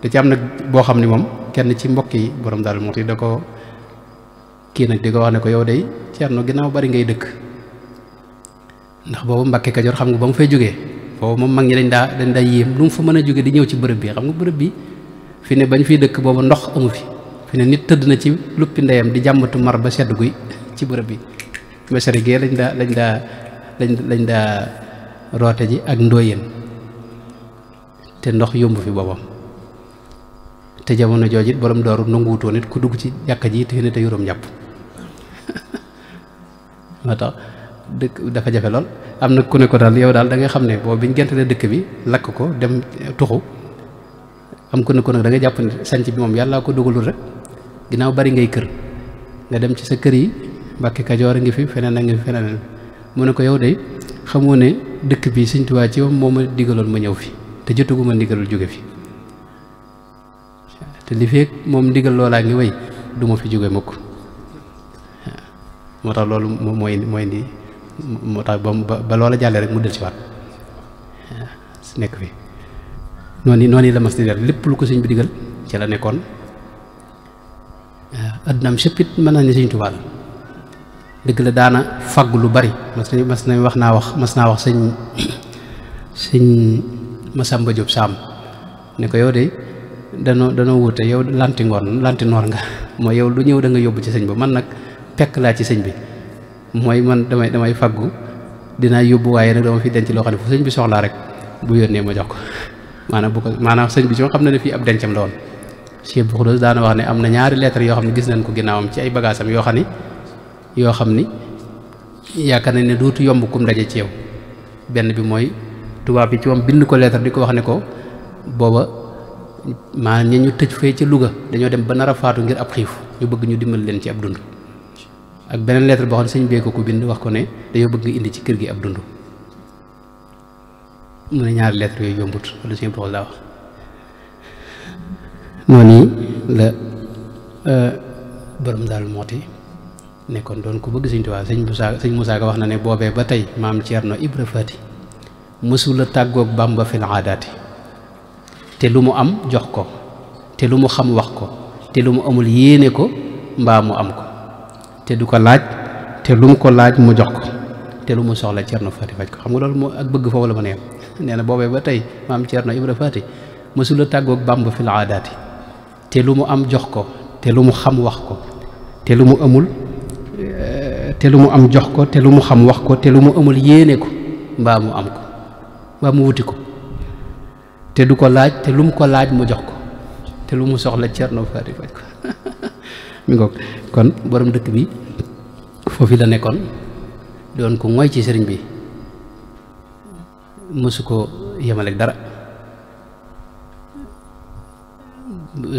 da ci am nag boo xam ni moom kenn ci mbokk yi borom daal moo da ko kii nag di ko wax ne ko yow day Ceerno ginnaaw bari ngay dëkk ndax boobu Mbàkke Kajoor xam nga ba mu fay jógee foofu moom mag ñi dañ daa dañ daa yéem lu mu fa mën a jóge di ñëw ci bërëb bi xam nga bërëb bi fi ne bañ fiy dëkk boobu ndox amu fi fi ne nit tëdd na ci luppi ndeyam di jàmbatu mar ba sedd guy ci bërëb bi mesere gee lañ daa lañ daa lañ roote ji ak ndóoyeen te ndox yomb fi boobam te jamono jooju it borom dooru nanguwutoo nit ku dugg ci jàkka ji te ne te yuróom njàpp moo dëkk dafa jafe lool am na ku ne ko daal yow daal da nga xam ne boo biñ gentalee dëkk bi lakk ko dem tuxu am ku ne ko nag da nga jàpp ne sanc bi moom yàllaa ko dugalul rek ginnaaw bari ngay kër nga dem ci sa kër yi Mbàkke Kajoor a ngi fi feneen a ngi fi feneen mu ne ko yow de xamoo ne dëkk bi Sëñ Tuubaa ci moom moo ma digaloon ma ñëw fi te jotaguma ndigalul jóge fi te li feeg moom ndigal loolaa ngi way duma fi jóge mukk moo tax loolu mooy mooy ni moo tax ba ba loola jàllee rek mu del si waat nekk fi noonu noonu la mas di def lépp lu ko sëñ bi digal ci la nekkoon addunaam sëppit mën naa ne sëñ la dëgg la daana fagg lu bari mas na na wax naa wax mas naa wax sëñ sëñ Masamba Diop Sam ne ko yow de danoo danoo wute yow lanti ngoon lanti noor nga mooy yow lu ñëw da nga yóbbu ci sëñ ba man nag pekk laa ci sëñ bi mooy man damay damay faggu dinaa yóbbu waaye nag dama fi denc loo xam ne fu sëñ bi soxlaa rek bu yónnee ma jox ko maanaam bu ko maanaam sëñ bi ci xam na ne fii ab dencam la woon Cheikh Abdou Khoudoss daana wax ne am na ñaari lettre yoo xam ne gis nañ ko ginnaawam ci ay bagages am yoo xam ne yoo xam ni yaakaar nañ ne dootu yomb kum daje ci benn bi mooy tubaab bi ci moom bind ko lettre di ko wax ne ko booba maanaam ñi ñu tëj fee ci Louga dañoo dem ba nara faatu ngir ab xiif ñu bëgg ñu dimbal leen ci dund ak beneen lettre boo xam ne sëñ bee ko ko bind wax ko ne dañoo bëgg nga indi ci kër gi ab dund mu ne ñaari lettre yooyu yombut noonu la euh, borom daal mooti nekkoon doon ku bëgg sëñ Tuubaa sëñ Moussa sëñ Moussa Ka wax na ne boobee ba tey maam Thierno Ibra Fati mësula tàggoog Bàmba fil aadaati te lu mu am jox ko te lu mu xam wax ko te lu mu amul yéene ko mbaa mu am ko te du ko laaj te lu mu ko laaj mu jox ko te lu mu soxla Ceerno Faati faj ko xam nga loolu moo ak bëgg foofu la ma neex nee na boobee ba tey maam Ceerno Ibra Faati mësula tàggoog Bàmba fi la aadaati te lu mu am jox ko te lu mu xam wax ko te lu mu amul eh, te lu mu am jox ko te lu mu xam wax ko te lu mu amul yéene ko mbaa mu am ko mbaa mu wuti ko te du ko laaj te lu mu ko laaj mu jox ko te lu mu soxla Ceerno Faati faj ko mi ngoog kon boroom dëkk bi foofu la nekkoon doon ko mooy ci sëriñ bi mësu ko yemal ak dara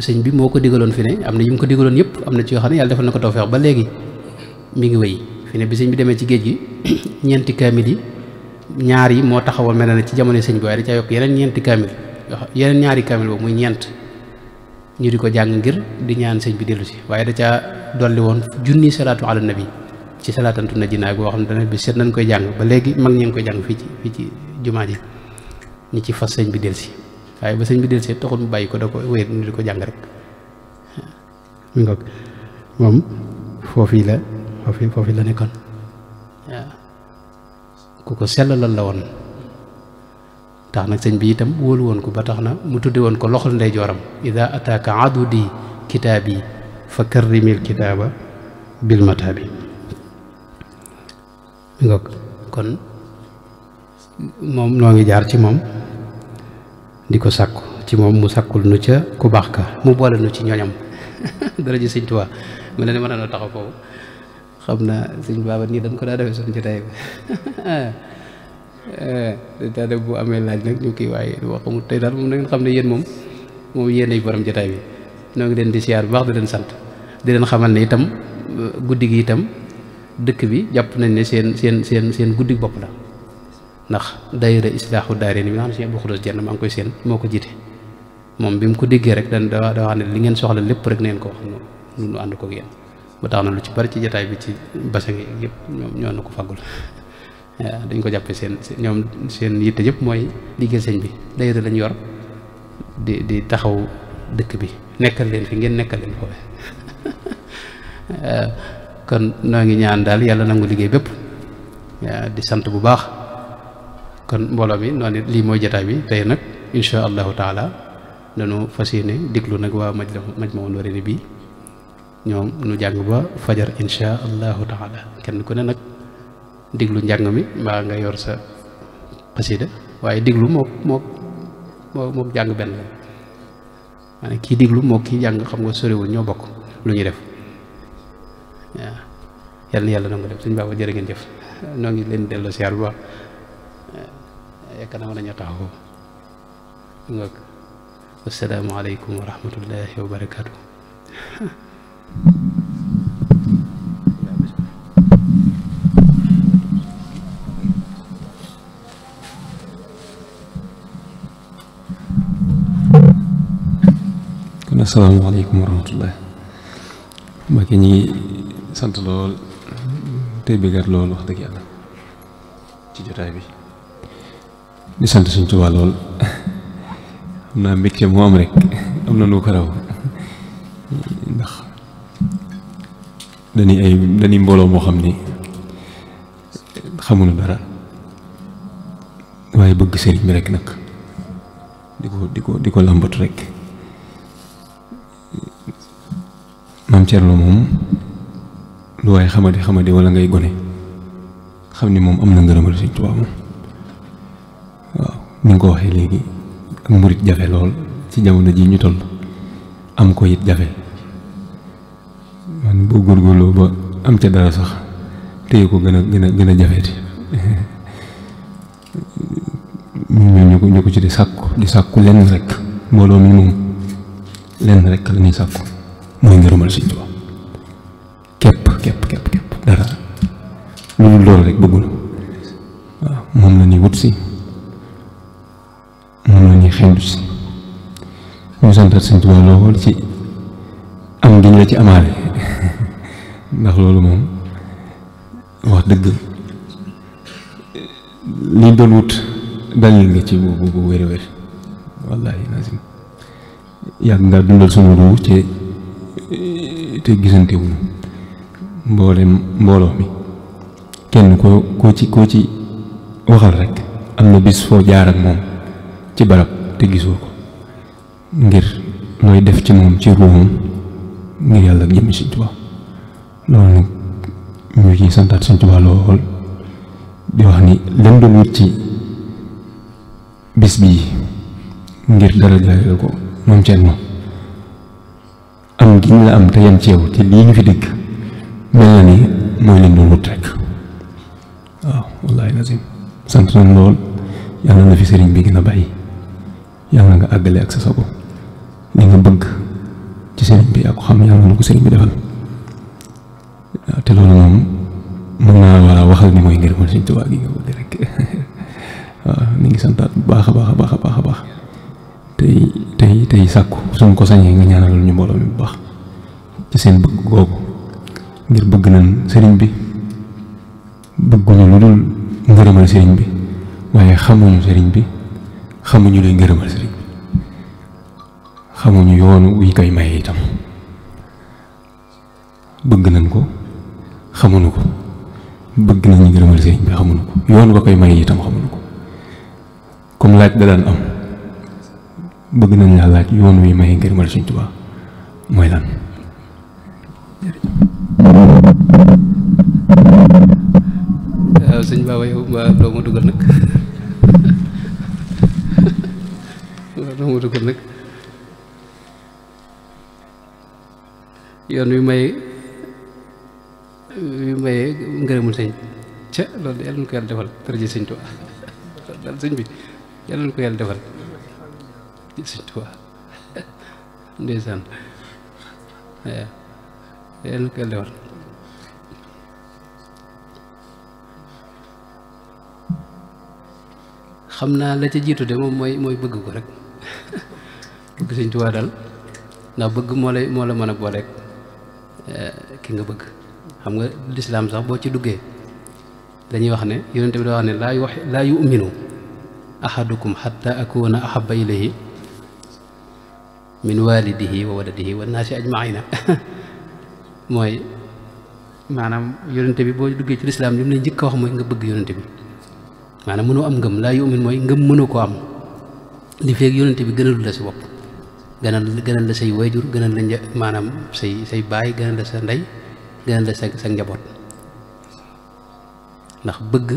sëñ bi moo ko digaloon fi am na yu mu ko digaloon yëpp am na ci yoo xam ne yàlla defal na ko tawfeex ba léegi mi ngi wéy fi ne bi sëñ bi demee ci géej gi ñeenti kaamil yi ñaar yi moo taxawoon mel na ci jamono sëñ bi waaye da caa yokk yeneen ñeenti kaamil yeneen ñaari kaamil boobu muy ñeent ñu di ko jàng ngir di ñaan sëñ bi dellu si waaye da caa dolli woon junni salaatu na bi ci salaatantu na jinaa boo xam ne dana bi seet nañ koy jàng ba léegi mag ñi ngi koy jàng fii ci fii ci jumaa ji ñi ci fas sëñ bi dellu si waaye ba sëñ bi dellu si taxul mu bàyyi ko da ko wéy ñu di ko jàng rek mi ngoog moom foofii la foofi foofi la nekkoon waaw ku ko sellalal la woon tax na sëñ bi itam wóolu woon ko ba tax na mu tuddee woon ko loxol ndeyjooram ida ataaka adudi kitaab yi fa karrimil kitaaba bil mataabi kon moom noo ngi jaar ci moom di ko sàkku ci moom mu sàkkul nu ca ku baax ka mu boole nu ci ñoñam dara ji sëñ Tuubaa mu ne ni mën na taxaw foofu xam naa sëñ Baaba nii dañ ko daa defee suñu jotaay bi Eh, daanaka boo amee laaj nag ñu kii waaye wax waxamul tey daal moom na ngeen xam ne yéen moom moom yéen ay borom jataay bi noo ngi leen di siyaar bu baax di leen sant di leen xamal ne tam eh, guddi gi itam dëkk bi jàpp nañ ne seen seen seen seen guddi bopp la ndax daayira islaahu daare ni bi nga xam ne Sëriñ Abdou Xudoos Jenn maa ngi koy seen moo ko jiite moom bi mu ko déggee rek da da wax ne li ngeen soxla lépp rek neen ko wax nu nu ànd ko yéen ba tax na lu ci bari ci jataay bi ci basang yëpp ñoom ñoo na ko faggul dañ ko jàppe seen ñoom seen yitte yëpp mooy liggéey sëñ bi dayira lañu yor di di taxaw dëkk bi nekkal leen fi ngeen nekkal leen ko kon noo ngi ñaan daal yàlla nangu liggéey bépp di sant bu baax kon mbooloo mi noonu lii mooy jotaay bi tey nag insha allahu taala dañu fas yéene diglu nag waa maj Majmahun Nurayni bii ñoom nu jàng ba fajar insha allahu taala kenn ku ne nag diglu njàng mi mbaa nga yor sa xasida waaye diglu moo mook mook jàng benn la maanaam kii diglu mook kii jàng xam nga soriwul ñoo bokk lu ñuy def waaw yal na yàlla na nga def suñ baaba jërë ngeen jëf noo ngi leen delloo siyaar bu baax yaakaar naa mën nañu taxaw nga wassalaamu aleykum wa wa barakaatu asalaamaaleykum wa rahmatullah mbokk ñi sant lool tey bëggat lool wax dëgg yàlla ci jotaay bi di sant suñ Tuubaa lool am naa mbégte moo am rek am na nu ko raw ndax dañuy ay dañuy mbooloo moo xam ni xamuñu dara waaye bëgg sëriñ bi rek nag di ko di ko di ko làmbatu rek cer la moom lu waaye xamadi xamadi wala ngay gone xam ni moom am na ngërëmal si Tuubaa moom waaw ni ko waxee léegi ak murit jafe lool ci jamono ji ñu toll am ko it jafe man boo góorgóorloo ba am ca dara sax téye ko gën a gën a gën a jafeeti ñu ñu ñu ko ci di sàkku di sàkku lenn rek mbooloo mi moom lenn rek la ñuy sàkku mooy ngërëmal sëñ Tuubaa képp képp képp dara lu dul loolu rek bëggul waaw moom la ñuy wut si moom la ñuy xendu si ñu santat sëñ Tuubaa lool ci ci amaale ndax loolu moom wax dëgg liñ doon wut dalil nga ci bu bu wér-wér wallahi lazim yàgg nga dundal sunu ruu ci te gisante mboolem mbooloo mi kenn koo koo ci koo ci waxal rek am na bis foo jaar ak moom ci barab te gisoo ko ngir mooy def ci moom ci ruumam ngir yàlla ak jëmmi Sëñ Tuubaa ci santaat Sëñ Tuubaa lool di wax ni leen doon ci bis bii ngir dara jaayal ko moom seen moom am gi la am te yem ci yow te lii ñu fi dégg mel na ni mooy leen doon wut rek waaw wallaahi nazim sant nañ lool yàlla na fi sëriñ bi gën a bàyyi yàlla nga àggale ak sa ko li nga bëgg ci sëriñ bi ak xam yàlla na ko sëriñ bi defal waaw te loolu moom mën naa war a waxal ni mooy ngir mën suñ tubaab gi ngi santaat bu baax a baax a baax a baax a baax tey tey tey sàkku suñ ko sañee nga ñaanalal ñu mbooloo mi bu baax ci seen bëgg googu ngir bëgg nañ sëriñ bi bëgguñu lu dul ngërëmal sëriñ bi waaye xamuñu sëriñ bi xamuñu luy ngërëmal sëriñ bi xamuñu yoonu wi koy maye itam bëgg nañ ko xamuñu ko bëgg nañ ñu ngërëmal sëriñ bi xamuñu ko yoon wa ko comme laaj da daan am bëgg nañ laa laaj yoon wi may ngërëmal Sëñ Tuubaa mooy lan waaw sëñ Baba yow mbaa doo ma dugal nag waaw doo yoon wi may wi maye ngërëmul sëñ ca loolu yàlla na ko yàlla defal dërëjë sëñ Tuubaa loolu daal ko yàlla defal di Sëñ Tuubaa ndeysaan xam naa la ca jiitu de moom mooy bëgg ko rek bëgg Sëñ Tuubaa daal ndax bëgg moo lay moo la mën a booleeg eh, ki nga bëgg xam nga lislaam sax boo ci duggee dañuy wax ne yonent bi da wax ne laa yu laa yu uminu ahadukum xatta akuna ahaba ilayhi min waalidihi wa waladihi wa naasi ajmaina mooy maanaam yonente bi boo duggee ci lislaam li mu la njëkk a wax mooy nga bëgg yonente bi maanaam mënoo am ngëm laa yumin mooy ngëm mënu ko am li feeg yonente bi gënalul la si bopp gënal gënal la say wayjur gënal la maanaam say say baay gënal la sa ndey gënal la sa sa njaboot ndax bëgg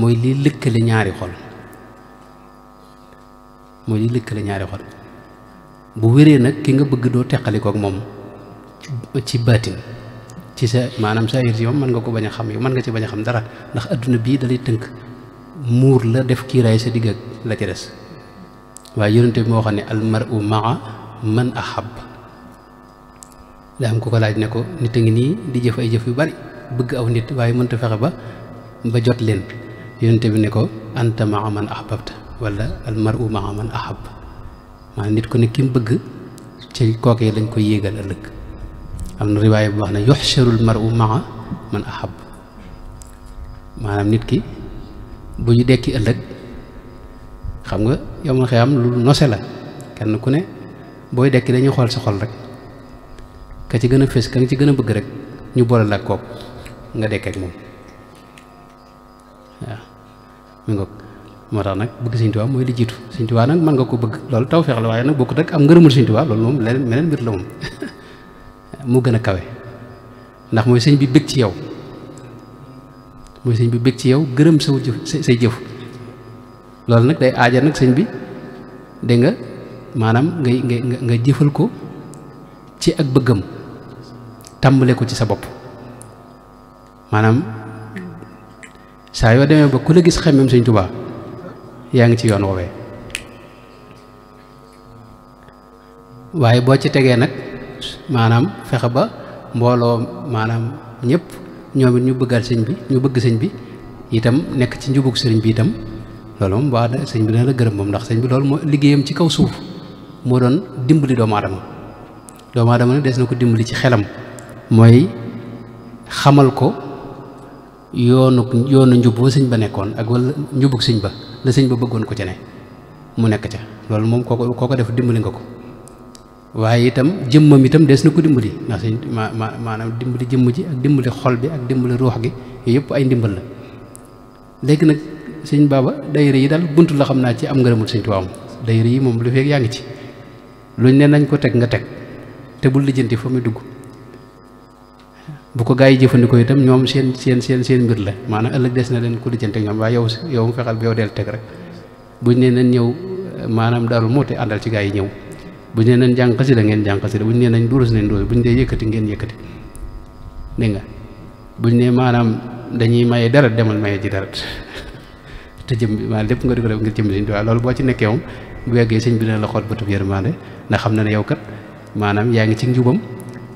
mooy lii lëkkale ñaari xol mooy lii lëkkale ñaari xol bu wéree nag ki nga bëgg doo teqalikook moom ci baatin ci sa maanaam sa ir si mën nga ko bañ a xam yow man nga ci bañ a xam dara ndax àdduna bii dalay tënk muur la def kiiraay sa digg ak la ci des waaye yonente bi moo xam ne almaru maa man ahab daa am ku ko laaj ne ko nit a ngi nii di jëf ay jëf yu bari bëgg aw nit waaye mënta fexe ba ba jot leen yonente bi ne ko anta maa man ahbabta wala almaru maa man ahab maanaam nit ku ne ki mu bëgg ci kooke lañ koy yéegal ëllëg am na riwaay bu wax ne yuxsharul mar'u maa man ahab maanaam nit ki bu ñu dekki ëllëg xam nga yow ma xëyam lu nose la kenn ku ne booy dekki dañuy xool sa xol rek ka ci gën a fës ka nga ci gën a bëgg rek ñu boole la kook nga dekk ak moom waaw mi ngoog moo tax nag bëgg Sëñ Tuubaa mooy li jiitu Sëñ Tuubaa nag mën nga ko bëgg loolu tawfeex la waaye nag bokkut ak am ngërëmul Sëñ Tuubaa loolu moom leneen meneen mbir la moom mu gën a kawe ndax mooy sëñ bi bëgg ci yow mooy sëñ bi bëgg ci yow gërëm saw say jëf loolu nag day aaja nag sëñ bi dénga maanaam ngay ngay nga jëfal ko ci ak bëggam tàmbale ko ci sa bopp maanaam saa yoo demee ba ku la gis xemmem Sëñ Tuubaa yaa ngi ci yoon woowee waaye boo ci tegee nag maanaam fexe ba mbooloo maanaam ñëpp ñoom it ñu bëggal sëñ bi ñu bëgg sëñ bi itam nekk ci njubug sëriñ bi itam loolu moom waa sëñ bi dana la gërëm moom ndax sëñ bi loolu moo liggéeyam ci kaw suuf moo doon dimbali doomu aadama doomu aadama nag des na ko dimbali ci xelam mooy xamal ko yoonu yoonu njub ba sëñ ba nekkoon ak wala njubug sëñ ba la sëñ ba bëggoon ko ci ne mu nekk ca loolu moom kooko kooko def dimbali nga ko waaye itam jëmmam itam des na ko dimbali ndax sëñ maa ma maanaam dimbali jëmm ji ak dimbali xol bi ak dimbali ruux gi yëpp ay ndimbal la léegi nag sëñ baaba daayira yi daal bunt la xam naa ci am ngërëmul sëñ tuwaam daayira yi moom lu fekk yaa ngi ci luñ ne nañ ko teg nga teg te bul lijjanti fa muy dugg bu ko gaa yi jëfandikoo itam ñoom seen seen seen seen mbir la maanaam ëllëg des na leen ko lijjante ñoom waaye yow yow mu fexal bi yow del teg rek buñ nee ñëw maanaam daarul moo te àndal ci gaa yi ñëw buñ nee nañ jàng xasida ngeen jàng nee nañ durus nañ durus buñ dee yëkkati ngeen yëkkati nga buñ ne maanaam dañuy maye dara demal maye ji dara te jëm bi lépp nga di ko def ngir jëm loolu boo ci nekkee moom bu yeggee sëñ bi dina la xool bëtub yërmande ndax xam na ne yow kat maanaam yaa ngi ci njubam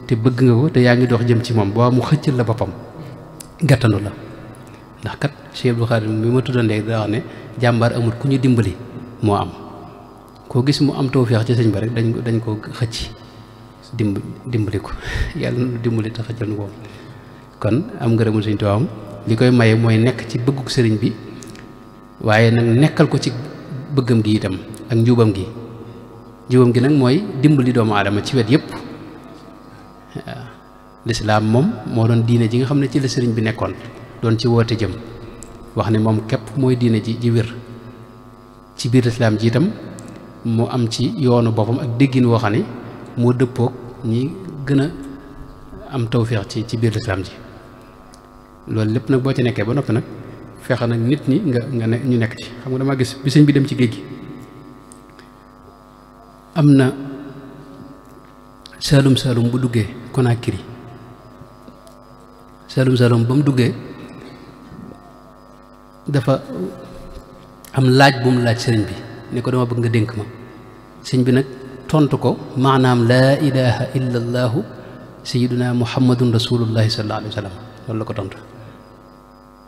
te bëgg nga ko te yaa ngi dox jëm ci moom boo mu xëccal la boppam gàttandu la ndax kat Cheikh Abdou Khadim bi ma tuddoon léegi daa ne jàmbaar amut ku ñu dimbali moo am koo gis mu am feex ci sëñ ba rek dañ dañ ko xëcc dimb dimbali ko yàlla nu dimbali te xëccal nu ko kon am ngërëmul sëñ tuwaam li koy maye mooy nekk ci bëggu sëriñ bi waaye nag nekkal ko ci bëggam gi itam ak njuubam gi njuubam gi nag mooy dimbali doomu aadama ci wet yépp waaw lislaam moom moo doon diine ji nga xam ne ci la sëriñ bi nekkoon doon ci woote jëm wax ne moom képp mooy diine ji ji wér ci biir lislaam ji itam mu am ci yoonu boppam ak déggin woo xam moo dëppook ñi gën a am tawféex ci ci biir lislaam ji loolu lépp nag boo ci nekkee ba noppi nag fexe nag nit ñi nga nga ñu nekk ci xam nga damaa gis bi sëñ bi dem ci géej gi am na saalum saalum bu duggee Conakry Saloum Saloum ba mu duggee dafa am laaj bu mu laaj sëriñ bi ne ko dama bëgg nga dénk ma sëñ bi nag tontu ko maanaam laa ilaha illa allahu sayiduna muhammadun rasulullahi sallallahu alayhi wa sallam loolu la ko tontu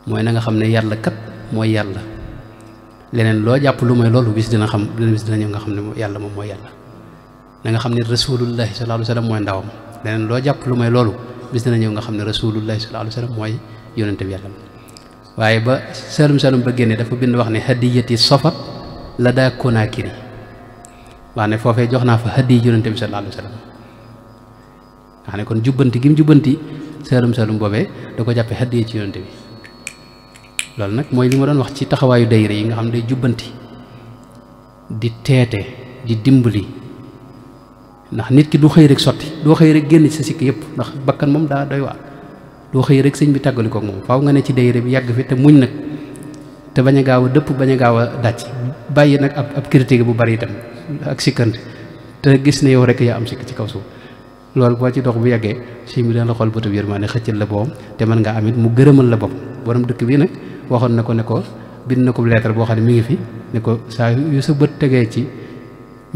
mooy na xam ne yàlla kat mooy yàlla leneen loo jàpp lu mooy loolu bis dina xam bis dina ñëw nga xam ne yàlla moom mooy yàlla na xam ne rasulullahi sallallahu alayhi wa mooy ndawam leneen loo jàpp lu may loolu bis dina ñëw nga xam ne rasulullahi sallallahu alayhi wasallam mooy yonente bi yàlla waaye ba salum-salum ba génne dafa bind wax ne hadiyati safat la daa konaakiri wax ne foofee jox naa fa hadiy yonente bi sallallahu alayhi ne kon jubbanti gi mu jubbanti salum-salum boobee da ko jàppe hadiya ci yonente bi loolu nag mooy li ma doon wax ci taxawaayu dayre yi nga xam ne day jubbanti di teete di dimbali ndax nit ki du xëy rek sotti doo xëy rek génn ci sa sikk yëpp ndax bakkan moom daa doy waar doo xëy rek sëñ bi tàggali koog moom faaw nga ne ci dayre bi yàgg fi te muñ nag te bañ a gaaw a dëpp bañ a gaaw a dàcc bàyyi nag ab ab critique bu bari itam ak sikkante te gis ne yow rek yaa am sikk ci kaw suuf loolu boo ci dox bu yàggee sëñ bi dana la xool bëtu yërmaane xëccal la boppam te mën ngaa amit mu gërëmal la bopp borom dëkk bii nag waxoon na ko ne ko bind na ko leetar boo xam ne mi ngi fi ne ko saa yu bët tegee ci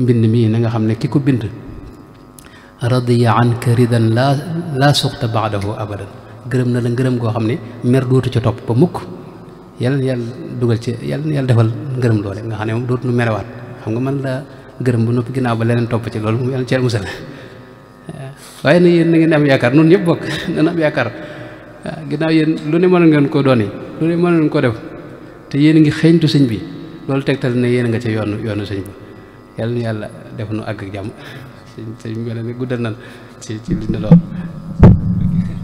mbind mii na nga xam ne ki ko bind radiya anka ridan laa laa suxta baadahu abadan gërëm na la ngërëm goo xam ne mer dootu ca topp ba mukk yàlla na dugal ci yàlla na yàlla defal ngërëm loole nga xam ne moom dootu nu merewaat xam nga man la gërëm bu noppi ginnaaw ba leneen topp ci loolu mu yàlla ci musal waaye na yéen na ngeen am yaakaar noonu ñëpp bokk ngeen am yaakaar ginnaaw yéen lu ne mënoon ngeen koo doone lu ne mënoon def te yéen ngi xeeñtu sëñ bi loolu tegtal na yéen a nga ca yoonu yoonu sëñ bi yàlla yàlla def nu àgg ak jàmm sëñ sëñ bi mel ne guddal ci ci luñ ne